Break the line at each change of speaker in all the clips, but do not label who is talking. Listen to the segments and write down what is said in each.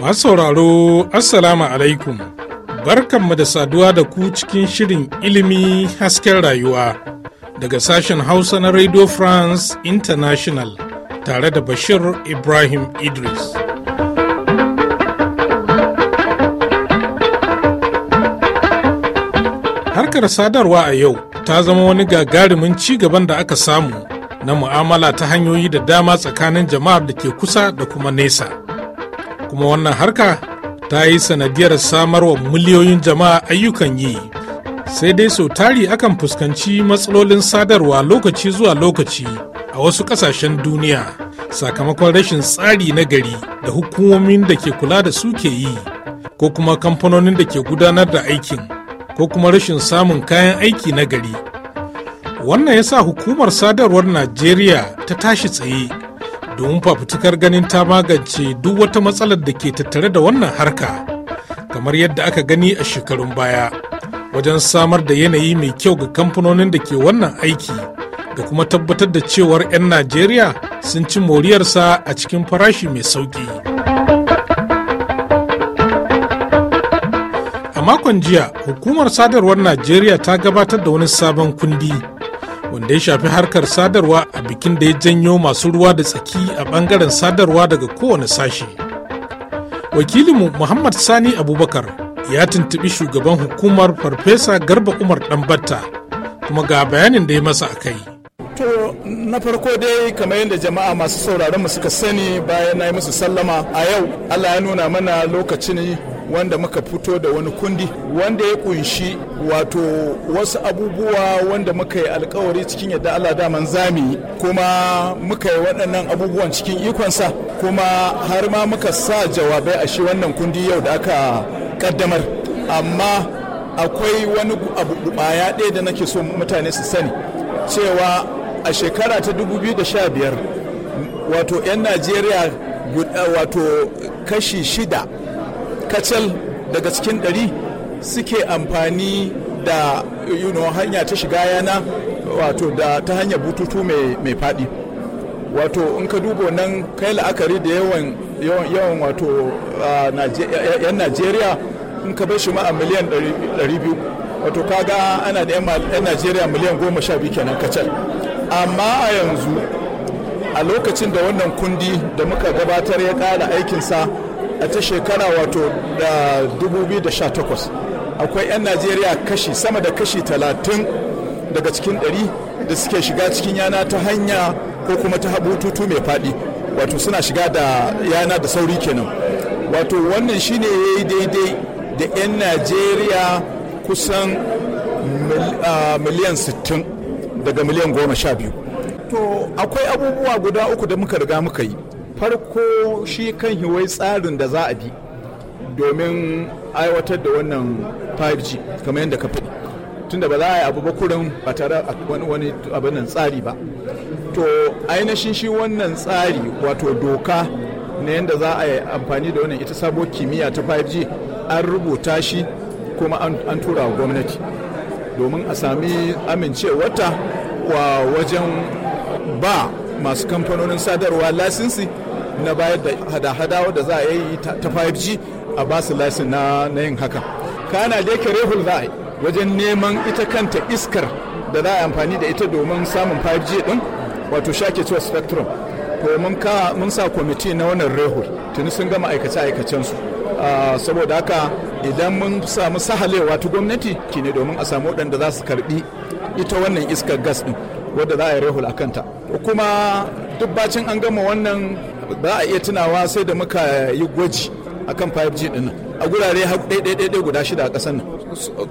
Masu sauraro, Assalamu alaikum. Barkanmu da saduwa da ku cikin shirin ilimi hasken rayuwa daga sashen Hausa na Radio France International tare da Bashir Ibrahim Idris. Harkar sadarwa a yau ta zama wani gagarumin ci gaban da aka samu na mu'amala ta hanyoyi da dama tsakanin jama'ar da ke kusa da kuma nesa kuma wannan harka ta yi sanadiyar samarwa miliyoyin jama'a ayyukan yi sai dai sau tari akan fuskanci matsalolin sadarwa lokaci zuwa lokaci a wasu kasashen duniya sakamakon rashin tsari na gari da hukumomin da ke kula da su ke yi ko kuma kamfanonin da ke gudanar da aikin ko kuma rashin samun kayan aiki na gari wannan ya sa hukumar sadarwar najeriya ta tashi tsaye domin fafutukar ganin ta magance duk wata matsalar da ke tattare da wannan harka kamar yadda aka gani a shekarun baya wajen samar da yanayi mai kyau ga kamfanonin da ke wannan aiki da kuma tabbatar da cewar 'yan najeriya sun ci moriyarsa a cikin farashi mai sauki a makon jiya hukumar sadarwar najeriya ta gabatar da wani sabon kundi wanda ya shafi harkar sadarwa a bikin da ya janyo masu ruwa da tsaki a bangaren sadarwa daga kowane sashe wakilinmu muhammad sani abubakar ya tuntubi shugaban hukumar farfesa garba umar ɗanbatta kuma ga bayanin da ya masa a kai
to na farko dai kamar yadda jama'a masu sauraron mu suka sani bayan na yi musu sallama a yau allah ya nuna mana lokacin wanda muka fito da wani kundi wanda ya kunshi wato wasu abubuwa wanda muka yi alkawari cikin yadda Allah daman zami kuma muka yi waɗannan abubuwan cikin ikonsa kuma har ma muka sa jawabai a shi wannan kundi yau da aka kaddamar amma akwai wani abu ɗaya ɗaya da nake so mutane su sani cewa a shekara ta 2015 wato 'yan najeriya wato kashi shida kacal daga cikin ɗari suke amfani da you know, hanya ta shiga yana wato da ta hanyar bututu mai faɗi wato in ka duba nan kai la'akari da yawan yawan wato yan najeriya in ka bai shi ma a miliyan 200 wato kaga ana da yan najeriya miliyan 12 kenan kacal amma a yanzu a lokacin da wannan kundi da muka gabatar ya ƙara aikinsa a ta shekara wato da 2018 akwai 'yan najeriya kashi sama da kashi 30 daga cikin 100 da suke shiga cikin yana ta hanya ko kuma ta habututu mai faɗi wato suna shiga da yana da sauri kenan wato wannan shine ya yi daidai da 'yan najeriya kusan miliyan 60 daga miliyan 12 to akwai abubuwa guda uku da muka riga muka yi farko shi kan hiwai tsarin da za a bi domin aiwatar da wannan 5G kamar yadda ka faɗi tunda ba za a yi abu ba kurin ba tare wani wani nan tsari ba to ainihin shi wannan tsari wato doka na yadda za a yi amfani da wannan ita sabo kimiyya ta 5G an rubuta shi kuma an tura wa gwamnati domin a sami amincewarta wa wajen ba masu kamfanonin sadarwa lasinsi na bayar da hada-hada wadda za a yi ta 5G a ba su lasin na yin haka kana dai karehul za a wajen neman ita kanta iskar da za a amfani da ita domin samun 5G din wato shake cewa spectrum Domin ka mun sa kwamiti na wannan rehul tuni sun gama aikace aikacen su ah, saboda haka idan mun samu sahalewa ta gwamnati ne domin a samu waɗanda za su karbi ita wannan iskar gas din wadda za a yi rehul a kanta kuma duk bacin an gama wannan ba a iya tunawa sai da muka yi gwaji akan 5G din a gurare har ɗaiɗaiɗaiɗai guda shida a ƙasar nan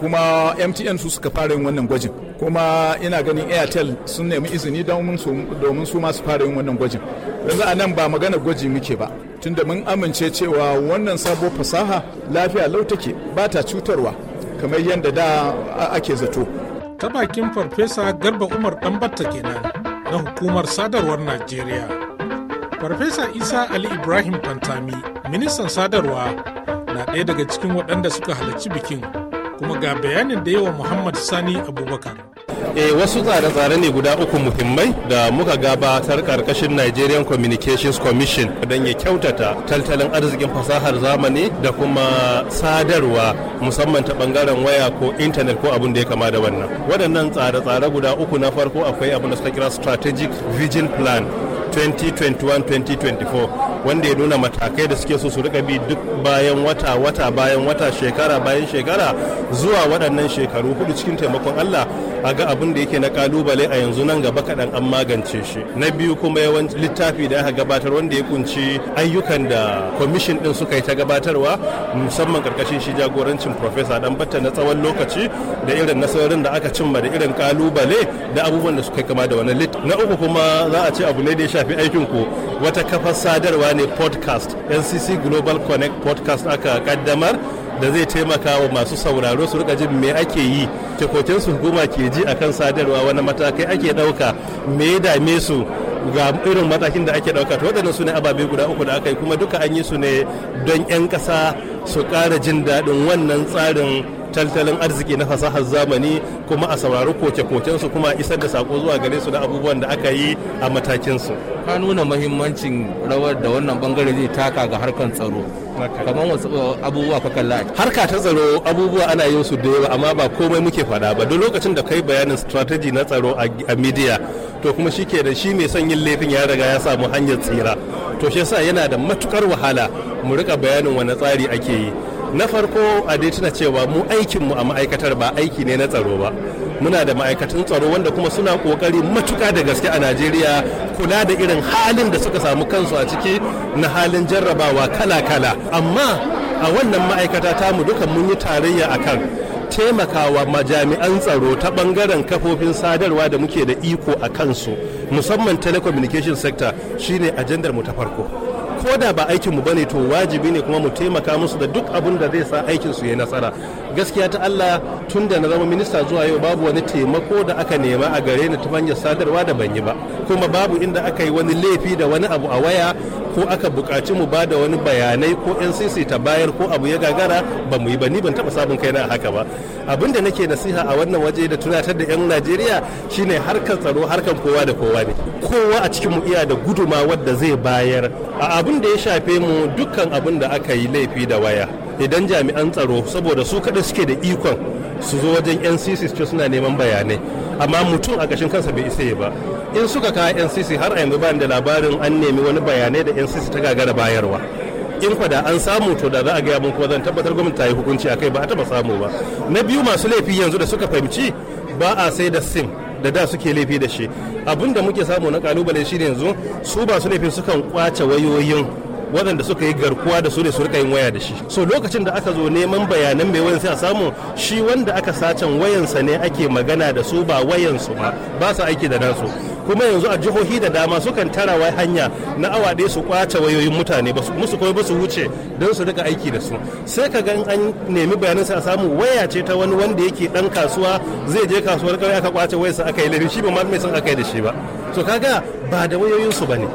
kuma MTN su suka fara yin wannan gwajin kuma ina ganin Airtel sun nemi izini domin su masu fara yin wannan gwajin yanzu a nan ba magana gwaji muke ba tunda mun amince cewa wannan sabuwar fasaha lafiya lau take ba ta cutarwa kamar yadda da
ake zato ta bakin farfesa garba umar dan kenan na hukumar sadarwar najeriya Farfesa Isa Ali Ibrahim Fantami, ministan sadarwa, na ɗaya daga cikin waɗanda suka halarci bikin, kuma ga bayanin da yawa Muhammad Sani Abubakar.
E, wasu tsare-tsare ne guda uku muhimmai da muka gabatar karkashin Nigerian Communications Commission don ya kyautata tattalin arzikin fasahar zamani da kuma sadarwa musamman ta bangaren waya ko intanet ko abin da ya kama da wannan. Waɗannan tsare-tsare guda uku na farko akwai abin da suka kira Strategic Vision Plan 2021-2024 wanda ya nuna matakai da suke so su rika bi duk bayan wata wata bayan wata shekara bayan shekara zuwa waɗannan shekaru hudu cikin taimakon Allah A ga abin da yake na kalubale a yanzu nan gaba kaɗan an magance shi na biyu kuma yawanci littafi da aka gabatar wanda ya kunci ayyukan da kwamishin din suka yi ta gabatarwa musamman karkashin shi jagorancin profesa dan batta na tsawon lokaci da irin nasarorin da aka cimma da irin kalubale da abubuwan da suka kama da wani. lit na uku kuma za a ce abu ne da ya shafi aikin ku wata kafar sadarwa ne podcast ncc global connect podcast aka kaddamar da zai taimaka wa masu sauraro su rika jin me ake yi cikokin su hukuma ke ji akan sadarwa wani matakai ake ɗauka me ya dame su ga irin matakin da ake ɗauka to waɗannan su ne ababe guda uku da aka yi kuma duka an yi su ne don 'yan ƙasa su ƙara jin daɗin wannan tsarin tattalin arziki na fasahar zamani kuma a saurari koke-koken su kuma isar da sako zuwa gare su da abubuwan da aka yi a matakin su ka nuna mahimmancin rawar da wannan bangare zai taka ga harkar tsaro kamar wasu uh, abubuwa kwa kalla harka ta tsaro abubuwa ana yin su da yawa amma ba komai muke faɗa ba duk lokacin da kai bayanin strategy na tsaro a media to kuma shi ke da shi mai son yin laifin ya riga ya samu hanyar tsira to shi yasa yana da matukar wahala mu rika bayanin wani tsari ake yi na farko a dai tuna cewa mu aikinmu a ma'aikatar ba aiki ne na tsaro ba muna da ma'aikatan tsaro wanda kuma suna kokari matuka da gaske a najeriya kula da irin halin da suka samu kansu a ciki na halin jarrabawa kala-kala amma a wannan ma'aikata tamu duka mun yi tarayya a kan taimakawa majami'an tsaro ta bangaren kafofin sadarwa da muke da iko a kansu musamman telecommunication sector shine ajandar mu ta farko ko da ba aikin mu bane to wajibi ne kuma mu taimaka musu da duk abun da zai sa aikin su ya nasara gaskiya ta Allah tun da na zama minista zuwa yau babu wani taimako da aka nema a gare ni ta hanyar sadarwa da ban yi ba kuma babu inda aka yi wani laifi da wani abu a waya ko aka buƙaci mu ba da wani bayanai ko NCC ta bayar ko abu ya gagara ba mu yi ba ni ban taɓa sabon kaina a haka ba abin da nake nasiha a wannan waje da tunatar da 'yan Najeriya shine harkar tsaro harkar kowa da kowa ne kowa a cikin mu iya da guduma wadda zai bayar a abin da ya shafe mu dukkan abin da aka yi laifi da waya idan jami'an tsaro saboda su kaɗai suke da ikon su zo wajen ncc ce suna neman bayanai amma mutum a kashin kansa bai isa ba in suka kawo ncc har a yanzu bani da labarin an nemi wani bayanai da ncc ta gagara bayarwa in da an samu to da za a gaya mun kuma zan tabbatar gwamnati ta yi hukunci akai ba a taɓa samu ba na biyu masu laifi yanzu da suka fahimci ba a sai da sim da da suke laifi da shi abin da muke samu na kalubale shi yanzu su ba su laifin sukan kwace wayoyin waɗanda suka yi garkuwa da su ne su rika yin waya da shi so lokacin da aka zo neman bayanan mai wayan sai a samu shi wanda aka sacen wayansa ne ake magana da su ba wayansu ba ba su aiki da nasu kuma yanzu a jihohi da dama sukan tara wai hanya na awa ɗaya su kwace wayoyin mutane ba musu kuma ba su wuce don su rika aiki da su sai ka ga an nemi bayanan sai a samu waya ce ta wani wanda yake dan kasuwa zai je kasuwar kawai aka kwace wayarsa aka yi laifin shi ba ma mai san aka yi da shi ba to kaga ba da wayoyinsu ba ne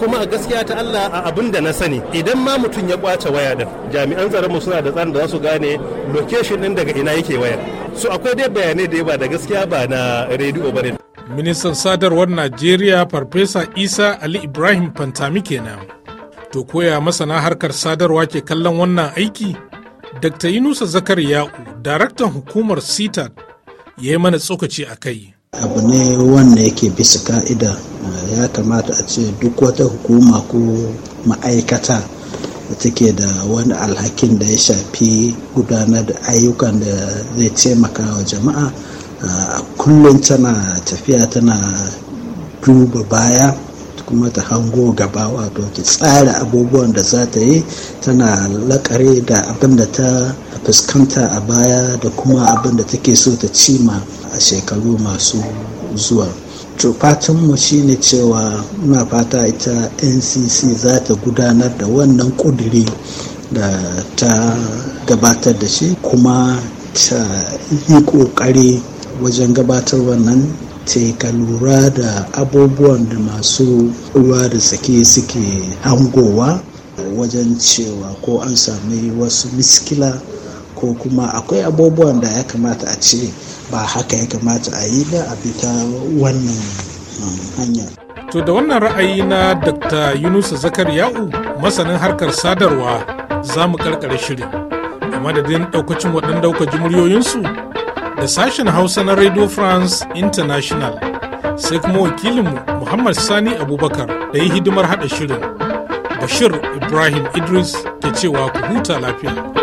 kuma a gaskiya ta Allah a abin da na sani idan ma mutum ya kwace waya din jami'an mu suna da tsarin da za su gane location din daga ina yake waya so akwai
dai bayanai da ba da gaskiya ba na rediyo ba ne ministan sadarwar najeriya farfesa isa ali ibrahim fantami kenan to koya masana harkar sadarwa ke kallon wannan aiki dr yunusa ya'u daraktan hukumar sitat ya yi mana tsokaci a kai
abu ne wanda yake bisa ka'ida ya kamata a ce duk wata hukuma ko ma'aikata da take da wani alhakin da ya shafi gudanar da ayyukan da zai taimaka wa jama'a Ah, kullum tana tafiya tana duba baya kuma ta hango gaba wato ta tsara abubuwan da za ta yi tana lakare da abin da ta fuskanta a baya da kuma abin da take so ta cima a shekaru masu zuwa to fatanmu shine cewa muna fata ita ncc za ta gudanar da wannan kuduri da ta gabatar da shi kuma ta yi ƙoƙari. wajen gabatar wannan ce ka lura da abubuwan da masu ruwa da sake suke hangowa wajen cewa ko an sami wasu miskila ko kuma akwai abubuwan da ya kamata a ce ba haka ya kamata a yi ba a fita wannan um, hanyar.
To da wannan ra'ayi na Dr. Yunusa ya'u masanin harkar sadarwa za mu karkare shirin. A madadin daukacin waɗanda ɗauka muryoyinsu da sashen Hausa na Radio France International sai kuma wakilinmu Muhammad Sani Abubakar da yi hidimar hada shirin. Bashir Ibrahim Idris ke cewa ku huta lafiya.